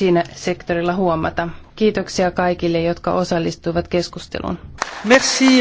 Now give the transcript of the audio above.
siinä sektorilla huomata. Kiitoksia kaikille, jotka osallistuivat keskusteluun. Merci.